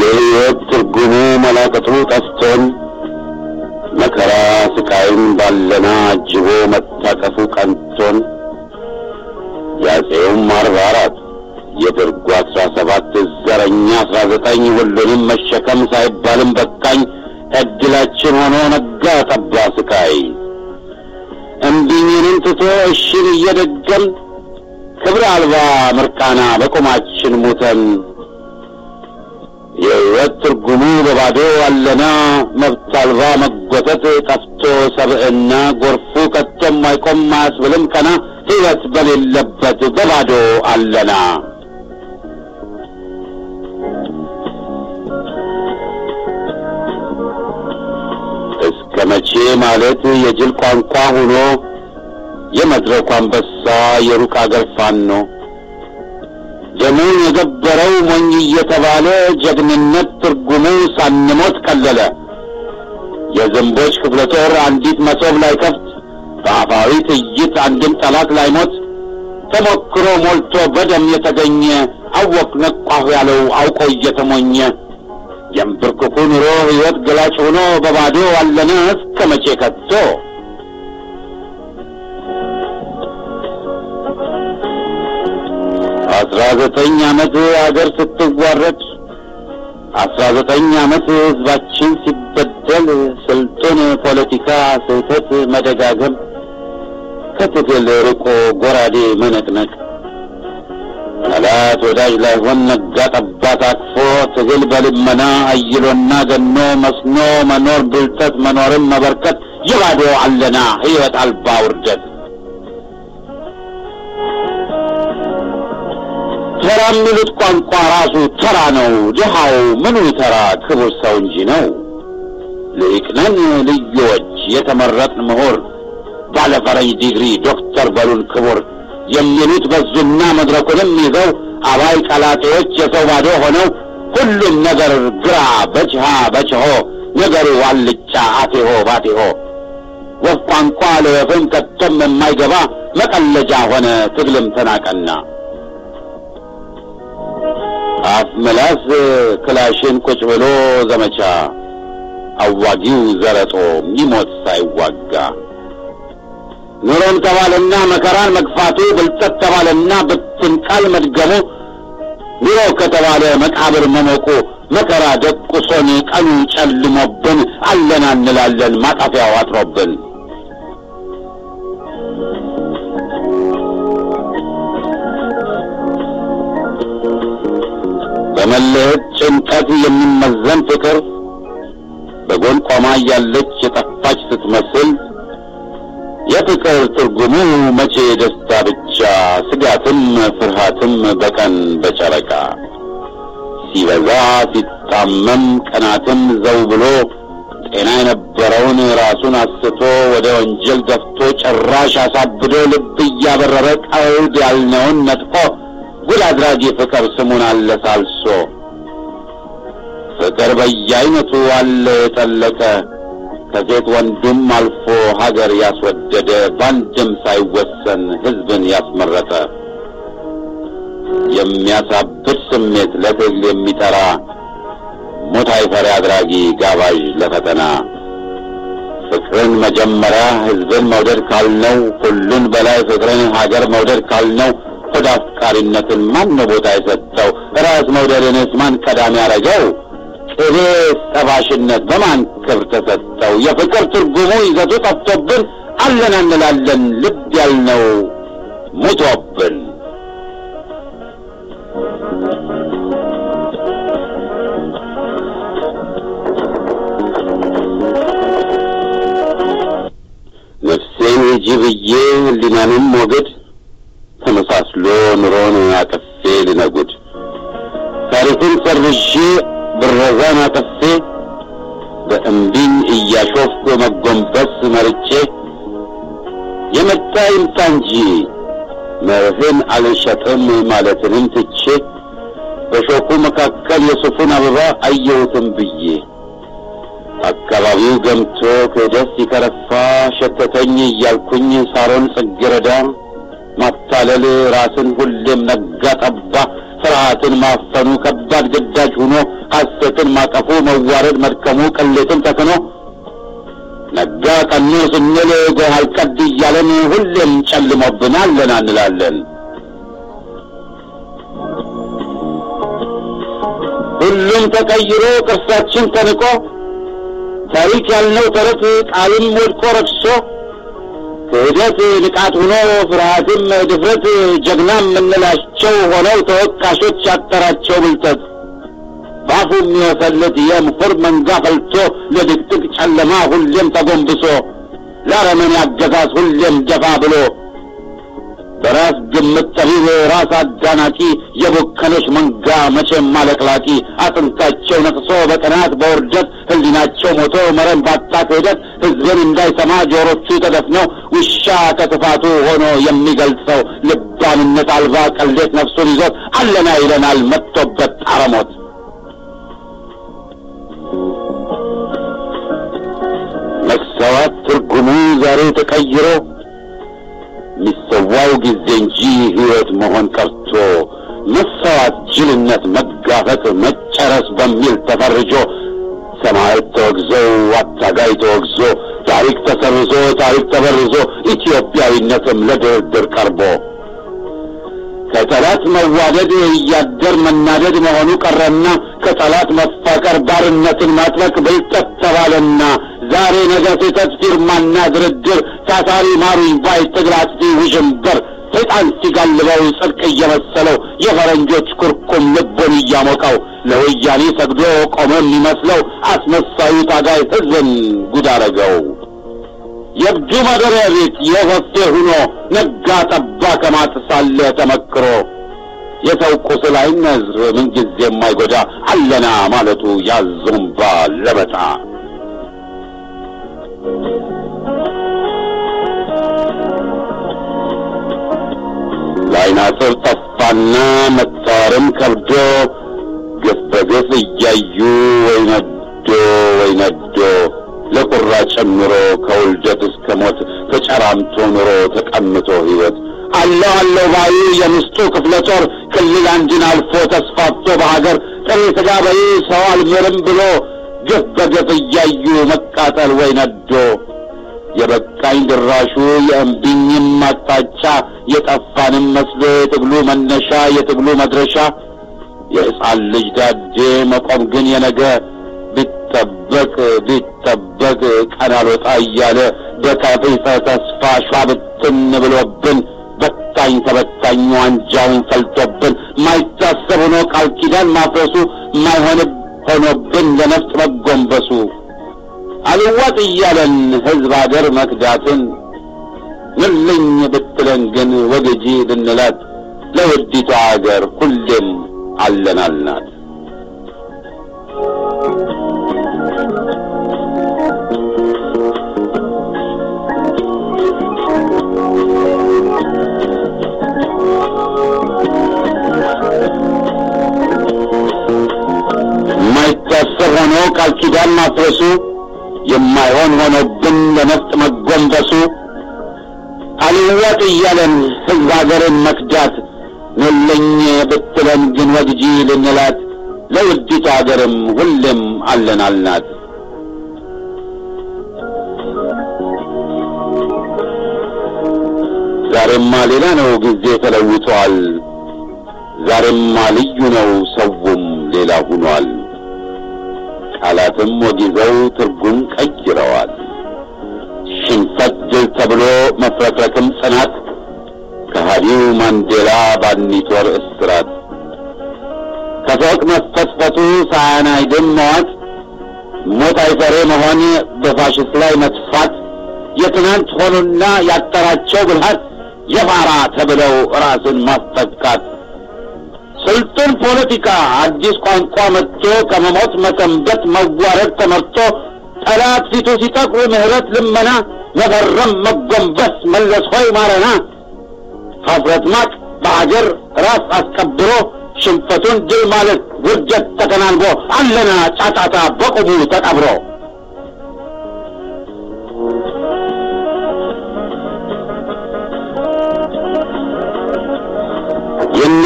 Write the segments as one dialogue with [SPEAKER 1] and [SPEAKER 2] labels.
[SPEAKER 1] የህይወት ትርጉሙ መላቀቱ ጠፍቶን መከራ ስቃይን ባለና አጅቦ መታቀፉ ቀንቶን የአጼውም አርባ አራት የድርጉ አስራ ሰባት ዘረኛ አስራ ዘጠኝ ሁሉንም መሸከም ሳይባልም በቃኝ እድላችን ሆኖ ነጋ ጠባ ስቃይ እንዲኝንም ትቶ እሽን እየደገም ክብረ አልባ ምርቃና በቁማችን ሙተን ሕይወት ትርጉሙ በባዶ አለና መብት አልባ መጎተት ጠፍቶ ሰብዕና ጎርፉ ከቶም አይቆም አያስብልም ቀና ሕይወት በሌለበት በባዶ አለና። እስከ መቼ ማለት የጅል ቋንቋ ሆኖ የመድረኩ አንበሳ የሩቅ አገር ፋኖ ደሙን የገበረው ሞኝ እየተባለ ጀግንነት ትርጉሙ ሳንሞት ቀለለ። የዘንቦች ክፍለ ጦር አንዲት መሶብ ላይ ከፍት በአፋዊ ትይት አንድም ጠላት ላይ ሞት ተሞክሮ ሞልቶ በደም የተገኘ አወቅ ነቋሁ ያለው አውቆ እየተሞኘ የምብርክኩ ኑሮ ሕይወት ገላጭ ሆኖ በባዶ አለነ እስከ መቼ ከቶ አስራ ዘጠኝ ዓመት አገር ስትዋረድ፣ አስራ ዘጠኝ ዓመት ህዝባችን ሲበደል፣ ስልጡን ፖለቲካ ስህተት መደጋገም፣ ከትግል ርቆ ጎራዴ መነቅነቅ፣ ጠላት ወዳጅ ላይሆን ነጋ ጠባ ታቅፎ ትግል በልመና አይሎና ገኖ መስኖ መኖር ብልጠት መኖርም መበርከት የባዶ አለና ህይወት አልባ ውርደት ተራ የሚሉት ቋንቋ ራሱ ተራ ነው። ድሃው ምኑ ተራ ክቡር ሰው እንጂ ነው። ልቅነን ልዮች የተመረጥን ምሁር ባለፈረኝ ዲግሪ ዶክተር በሉን ክቡር የሚሉት በዙና መድረኩንም ይዘው አባይ ቀላጤዎች የሰው ባዶ ሆነው ሁሉም ነገር ግራ በችሃ በችሆ ነገሩ አልጫ አቴሆ ባቴሆ ወፍ ቋንቋ ለወፍም ከቶም የማይገባ መቀለጃ ሆነ ትግልም ተናቀና አትመላስ ክላሽን ቁጭ ብሎ ዘመቻ አዋጊው ዘረጦ ሚሞት ሳይዋጋ ኑሮን ተባለና መከራን መግፋቱ ብልጠት ተባለና ብትን ቃል መድገሙ ኑሮ ከተባለ መቃብር መሞቁ መከራ ደቁሶን ቀኑ ጨልሞብን አለና እንላለን ማጣፊያው አጥሮብን በመለየት ጭንቀት የሚመዘን ፍቅር በጎን ቆማ ያለች የጠፋች ስትመስል የፍቅር ትርጉሙ መቼ ደስታ ብቻ ስጋትም ፍርሃትም በቀን በጨረቃ ሲበዛ ሲጣመም ቀናትም ዘው ብሎ ጤና የነበረውን ራሱን አስቶ ወደ ወንጀል ገፍቶ ጭራሽ አሳብዶ ልብ እያበረረ ቀውድ ያልነውን ነጥፎ ጉድ አድራጊ ፍቅር ስሙን አለሳልሶ ፍቅር በየአይነቱ አለ የጠለቀ ከሴት ወንዱም አልፎ ሀገር ያስወደደ በአንድም ሳይወሰን ህዝብን ያስመረጠ የሚያሳብድ ስሜት ለትግል የሚጠራ ሞታይ ፈሪ አድራጊ ጋባዥ ለፈተና ፍቅርን መጀመሪያ ህዝብን መውደድ ካልነው፣ ሁሉን በላይ ፍቅርን ሀገር መውደድ ካልነው ወደ አፍቃሪነትን ማን ነው ቦታ የሰጠው? ራስ መውደድንስ ማን ቀዳሚ ያረገው? ቅቤ ጠባሽነት በማን ክብር ተሰጠው? የፍቅር ትርጉሙ ይዘቱ ጠፍቶብን አለን አንላለን ልብ ያልነው ሙቶብን ነፍሴን ሂጂ ብዬ ህሊናንም ሞገድ ተመሳስሎ ኑሮን አቅፌ ልነጉድ ታሪኩን ሰርዤ ብረዛን አቅፌ በእምቢኝ እያሾፍኩ መጎንበስ መርጬ የመጣ ይምጣ እንጂ መርህን አልሸጥም ማለትንም ትቼ በሾኩ መካከል የሱፉን አበባ አየሁትም ብዬ አካባቢው ገምቶ ከደስ ይከረፋ ሸተተኝ እያልኩኝ ሳሮን ጽጌረዳ ማታለል ራስን ሁሌም ነጋ ጠባ ፍርሃትን ማፈኑ ከባድ ገዳጅ ሆኖ ሐሰትን ማቀፉ መዋረድ መድከሙ ቅሌትን ተክኖ ነጋ ቀኖ ስንል ጎሃል ቀድ እያለን ሁሌም ጨልሞብናለን እንላለን። ሁሉም ተቀይሮ ቅርሳችን ተንቆ ታሪክ ያልነው ተረት ቃልም ወድቆ ረክሶ ክህደት ንቃት ሆኖ ፍርሃትም ድፍረት ጀግና የምንላቸው ሆነው ተወቃሾች ያጠራቸው ብልጠት ባፉ የሚወሰልት የምኩር መንጋ ፈልቶ ለድቅድቅ ጨለማ ሁሌም ተጎንብሶ ለአረመኔ ያገዛዝ ሁሌም ደፋ ብሎ በራስ ግምት ጠቢብ ራስ አዳናቂ የቦከኖች መንጋ መቼም ማለቅላቂ አጥንታቸው ነቅሶ በቅናት በውርደት ህሊናቸው ሞቶ መረን ባጣት ሄደት ህዝብን እንዳይሰማ ጆሮቹ ተደፍነው ውሻ ከክፋቱ ሆኖ የሚገልጸው ልባምነት አልባ ቀልዴት ነፍሱን ይዞት አለና ይለናል መጥቶበት አረሞት። መሰዋት ትርጉሙ ዛሬ ተቀይሮ የሚሰዋው ጊዜ እንጂ ህይወት መሆን ቀርቶ መሰዋት ጅልነት፣ መጋፈጥ፣ መጨረስ በሚል ተፈርጆ ሰማያት ተወግዘው አታጋይ ተወግዞ ታሪክ ተሰርዞ ታሪክ ተበርዞ ኢትዮጵያዊነትም ለድርድር ቀርቦ ከጠላት መዋደድ እያደር መናደድ መሆኑ ቀረና ከጠላት መፋቀር ባርነትን ማጥበቅ ብልጠት ተባለና ዛሬ ነገ ስህተት ፊርማና ድርድር ታታሪ ማሩኝ ባይ ትግል ውዥንበር ሰይጣን ሲጋልበው ጽድቅ እየመሰለው የፈረንጆች ኩርኩም ልቦን እያሞቀው ለወያኔ ሰግዶ ቆመ የሚመስለው አስመሳዩ ታጋይ ሕዝብን ጉዳረገው የእብዱ ማደሪያ ቤት የፈፌ ሁኖ ነጋ ጠባ ከማጥ ተመክሮ የሰው ቁስል አይነ ምንጊዜ የማይጎዳ አለና ማለቱ ያዞምባ ለበጣ ላይናጽር ጠፋና መታረም ከብዶ ግፍ በግፍ እያዩ ወይነዶ ወይነዶ ነዶ ለቁራ ጨምሮ ከውልደት እስከ ሞት ተጨራምቶ ኑሮ ተቀምጦ ሕይወት አለው አለው ባዩ የምስጡ ክፍለ ጦር ክልል አንድን አልፎ ተስፋፍቶ በሀገር ጥሬ ስጋ በይ ሰው አልምርም ብሎ ግፍ በግፍ እያዩ መቃጠል ወይ ነዶ የበቃኝ ድራሹ የእምቢኝም አቅጣጫ የጠፋንም መስሎ የትግሉ መነሻ የትግሉ መድረሻ የሕፃን ልጅ ዳዴ መቆም ግን የነገ ቢጠበቅ ቢጠበቅ ቀን አልወጣ እያለ ደካፊ ተስፋ ሿ ብሎብን በታኝ ተበታኝ ዋንጃውን ፈልቶብን ማይታሰብ ሆኖ ቃል ኪዳን ማፍረሱ ማይሆን ሆኖብን ለነፍጥ መጎንበሱ አልዋጥ እያለን ህዝብ አገር መክዳትን ምልኝ ብትለን ግን ወገጂ ብንላት ለውዲቷ አገር ሁሌም አለናልናት። ያስር ሆኖ ቃል ኪዳን ማፍረሱ የማይሆን ሆኖብን ለነፍጥ መጎንበሱ አልዋጥ እያለን ህዝብ ሀገርን መክዳት ኖለኝ ብትለን ግን ወግጂ ልንላት ለውዲቱ ሀገርም ሁሌም አለን አልናት። ዛሬማ ሌላ ነው ጊዜ ተለውጧል። ዛሬማ ልዩ ነው ሰውም ሌላ ሆኗል። ቃላትም ወዲዘው ትርጉም ቀይረዋል። ሽንፈት ተብሎ መፍረክረክም ጽናት፣ ከሃዲው ማንዴላ ባኒቶር ወር እስራት፣ ከፎቅ መፈትፈቱ ሳያናይድም መዋት፣ ሞት አይፈሬ መሆን በፋሽስት ላይ መጥፋት፣ የትናንት ሆኑና ያጠራቸው ብልሃት የፋራ ተብለው ራስን ማስጠቃት ብልጡን ፖለቲካ አዲስ ቋንቋ መጥቶ ከመሞት መሰንበት መዋረድ ተመርቶ ጠላት ፊቱ ሲጠቁ ምህረት ልመና መፈረም መጎንበስ መለስ ሆይ ማረና ሀፍረት ማቅ በሀገር ራስ አስቀብሮ ሽንፈቱን ድል ማለት ውርጀት ተከናንቦ አለና ጫጫታ በቁሙ ተቀብሮ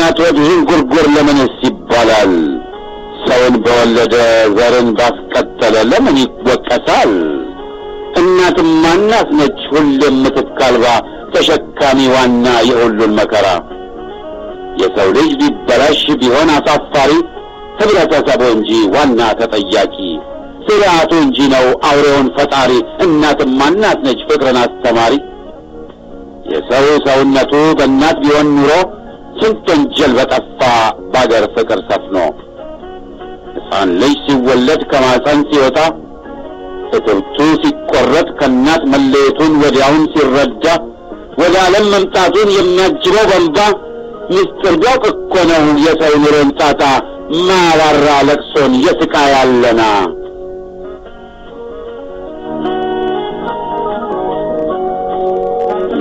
[SPEAKER 1] ምክንያቶች ጉርጉር ለምንስ ይባላል? ሰውን በወለደ ዘርን ባስቀጠለ ለምን ይወቀሳል? እናትም ማናት ነች ሁሌም ምትካልባ ተሸካሚ ዋና የሁሉን መከራ? የሰው ልጅ ቢበላሽ ቢሆን አሳፋሪ ህብረተሰቡ እንጂ ዋና ተጠያቂ ስርዓቱ እንጂ ነው አውሬውን ፈጣሪ። እናትም ማናት ነች ፍቅርን አስተማሪ? የሰው ሰውነቱ በእናት ቢሆን ኑሮ ስንት ወንጀል በጠፋ ባገር ፍቅር ሰፍኖ ሕፃን ልጅ ሲወለድ ከማፀን ሲወጣ ፍቅርቱ ሲቆረጥ ከእናት መለየቱን ወዲያውን ሲረዳ ወደ ዓለም መምጣቱን የሚያጅበው በንባ ምስጢር ቢያውቅ እኮ ነው የሰው ኑሮን ጣጣ ማራራ ለቅሶን የስቃ ያለና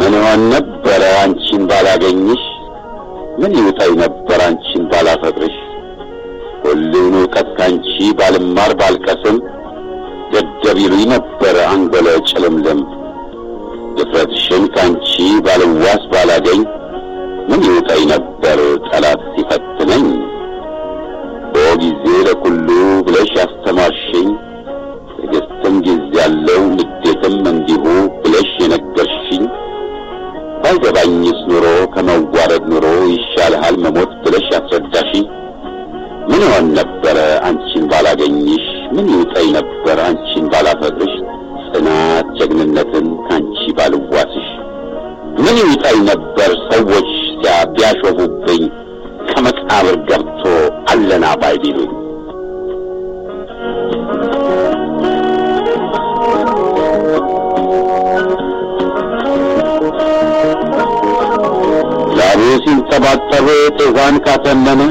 [SPEAKER 1] ምን ሆን ነበረ አንቺን ባላገኝሽ ምን ይውጣኝ ነበር አንቺን ባላፈቅርሽ ሁሉን እውቀት ካንቺ ባልማር ባልቀስም ደደብ ይሉኝ ነበር አንጎለ ጭልምልም ድፍረትሽን ካንቺ ባልዋስ ባላገኝ ምን ይውጣኝ ነበር ጠላት ሲፈትነኝ በጊዜ ለኩሉ ብለሽ ያስተማርሽኝ ትዕግስትም ጊዜ ያለው ንዴትም እንዲሁ ብለሽ የነገርሽኝ ባይገባኝ መሞት ብለሽ ያስረዳሽኝ ምን ይሆን ነበረ አንቺን ባላገኝሽ? ምን ይውጠኝ ነበር አንቺን ባላፈቅርሽ? ጽናት ጀግንነትን ካንቺ ባልዋስሽ ምን ይውጠኝ ነበር ሰው ካጣበ ጥዋን ካተለመ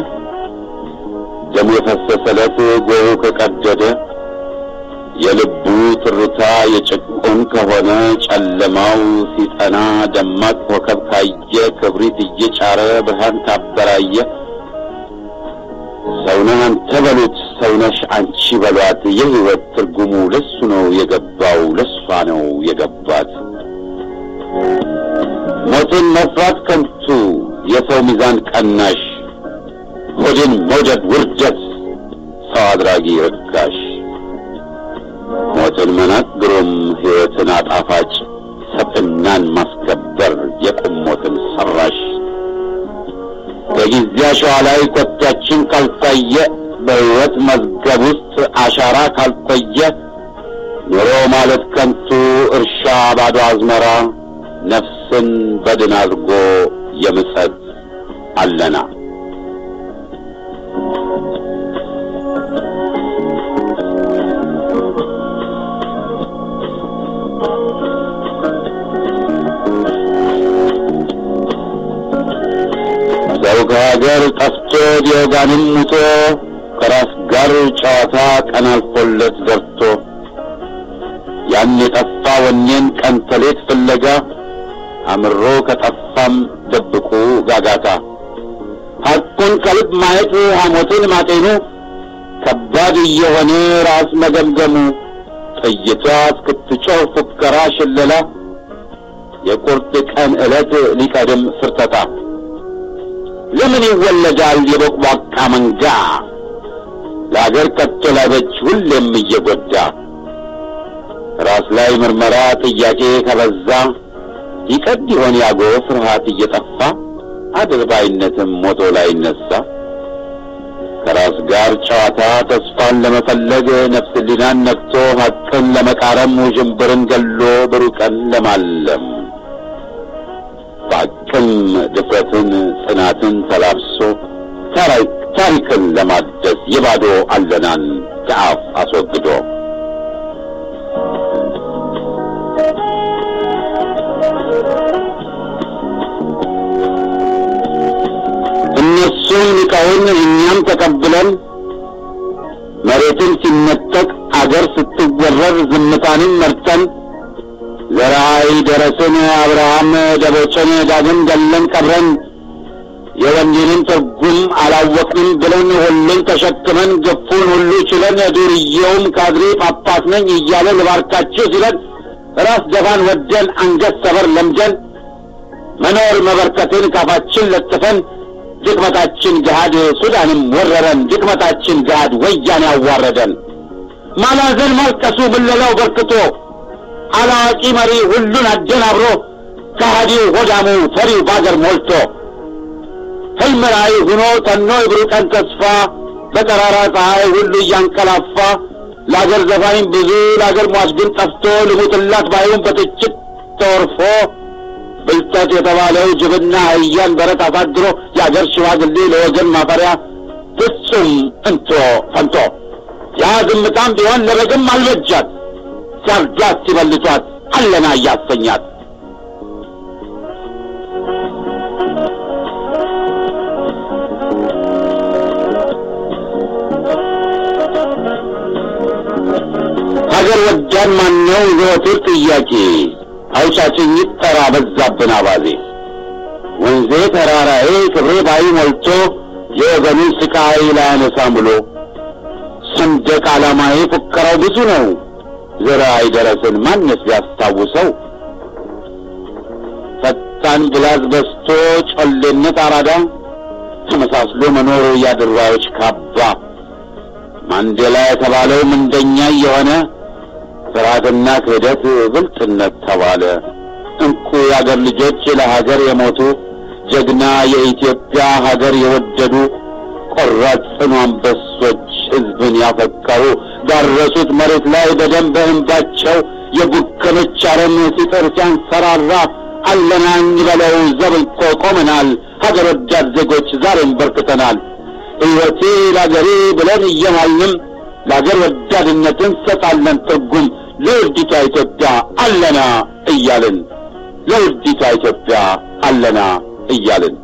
[SPEAKER 1] ደም የፈሰሰለት ጎሁ ከቀደደ የልቡ ትርታ የጭቁን ከሆነ ጨለማው ሲጠና ደማቅ ኮከብ ካየ ክብሪት እየጫረ ብርሃን ታበራየ ሰውነህ አንተ በሉት ሰውነሽ አንቺ በሏት የህይወት ትርጉሙ ለሱ ነው የገባው ለሷ ነው የገባት ሞትን መፍራት ከንቱ የሰው ሚዛን ቀናሽ፣ ሆድን መውደድ ውርጀት ሰው አድራጊ ርካሽ፣ ሞትን መናት ግሩም፣ ሕይወትን አጣፋጭ፣ ሰብዕናን ማስከበር የቁሞትን ሰራሽ በጊዜ አሸዋ ላይ ኮታችን ካልታየ በሕይወት መዝገብ ውስጥ አሻራ ካልቆየ ኑሮ ማለት ከንቱ እርሻ ባዶ አዝመራ ነፍስን በድን የምጸት አለና ዘውግ ከሀገር ጠፍቶ ዲዮጋንም ሙቶ ከራስ ጋር ጨዋታ ቀናልፎለት አልፎለት ደርቶ ያን የጠፋ ወኔን ቀንተሌት ፍለጋ አምሮ ከጠፋም ደብቁ ጋጋታ። ሐቁን ከልብ ማየቱ ሐሞትን ማጤኑ ከባድ እየሆነ ራስ መገምገሙ ጥይቷ እስክትጮህ ፉከራ ሽለላ የቁርጥ ቀን ዕለት ሊቀድም ፍርተታ። ለምን ይወለዳል የቦቅቧቃ መንጋ ለአገር ከቶ ላበጅ ሁሌም እየጎዳ ራስ ላይ ምርመራ ጥያቄ ከበዛ ይቀድ ይሆን ያጎ ፍርሃት እየጠፋ አድርባይነትም ሞቶ ላይ ነሳ ከራስ ጋር ጨዋታ ተስፋን ለመፈለግ ነፍስ ሊናን ነክቶ ሀቅን ለመቃረም ውዥንብርን ገሎ ብሩቀን ለማለም ባቅም ድፍረትን ጽናትን ተላብሶ ታሪክን ለማደስ የባዶ አለናን ከአፍ አስወግዶ እነዚህን ዕቃውን እኛም ተቀብለን መሬትን ሲነጠቅ አገር ስትወረር ዝምታንም መርጠን ዘራይ ደረስን አብርሃም ደቦችን ዳግም ገለን ቀብረን የወንጌልን ትርጉም አላወቅንም ብለን ሁሉን ተሸክመን ገፉን ሁሉ ችለን ዱርዬውም ካድሬ ጳጳስ ነኝ እያለ ልባርካችሁ ሲለን ራስ ደፋን ወደን አንገት ሰበር ለምደን መኖር መበርከትን ካፋችን ለጥፈን ድክመታችን ጅሃድ ሱዳንም ወረረን፣ ድክመታችን ጅሃድ ወያኔ ያዋረደን። ማላዘን ማልቀሱ ምለላው በርክቶ አላዋቂ መሪ ሁሉን አደናብሮ ከሃዲው ሆዳሙ ፈሪው ባገር ሞልቶ ህልም ሆኖ ተኖ የብሩህ ቀን ተስፋ በጠራራ ፀሐይ ሁሉ እያንቀላፋ ለአገር ዘፋኝ ብዙ ለአገር ሟች ግን ጠፍቶ ልሙትላት ባይሁን በትችት ተወርፎ ብልጠት የተባለው ጅብና አህያን በረት አሳድሮ የአገር ሽማግሌ ለወገን ማፈሪያ ፍጹም እንቶ ፈንቶ ያ ዝምታም ቢሆን ለበግም አልበጃት ሲያርዷት ሲበልቷት አለና እያሰኛት ሀገር ወዳድ ማነው ዘወትር ጥያቄ አውጫጭኝ ተራ በዛብን አባዜ ወንዜ ተራራዬ ክብሬ ባይ ሞልቶ የወገኑን ስቃይ ላያነሳም ብሎ ሰንደቅ ዓላማዬ ፉከራው ብዙ ነው። ዘራ አይደረስን ማንስ ቢያስታውሰው ፈጣን ግላዝ በስቶ ጮሌነት አራዳ ተመሳስሎ መኖሩ ያድራዎች ካባ ማንዴላ የተባለው ምንደኛ የሆነ ስርዓትና ክህደት ብልጥነት ተባለ። እንኩ የአገር ልጆች ለሀገር የሞቱ ጀግና የኢትዮጵያ ሀገር የወደዱ ቆራጥ ጽኑ አንበሶች ሕዝብን ያፈቀሩ ዳረሱት መሬት ላይ በደም በእንባቸው የቡከኖች አረም ሲጥር ሲያንሰራራ አለናኝ በለው ዘብልቆ ቆመናል። ሀገር ወዳድ ዜጎች ዛሬም በርክተናል። ሕይወቴ ለአገሬ ብለን እየማልንም ለአገር ወዳድነት እንሰጣለን ትርጉም ለውዲቷ ኢትዮጵያ አለና እያልን ለውዲቷ ኢትዮጵያ አለና እያልን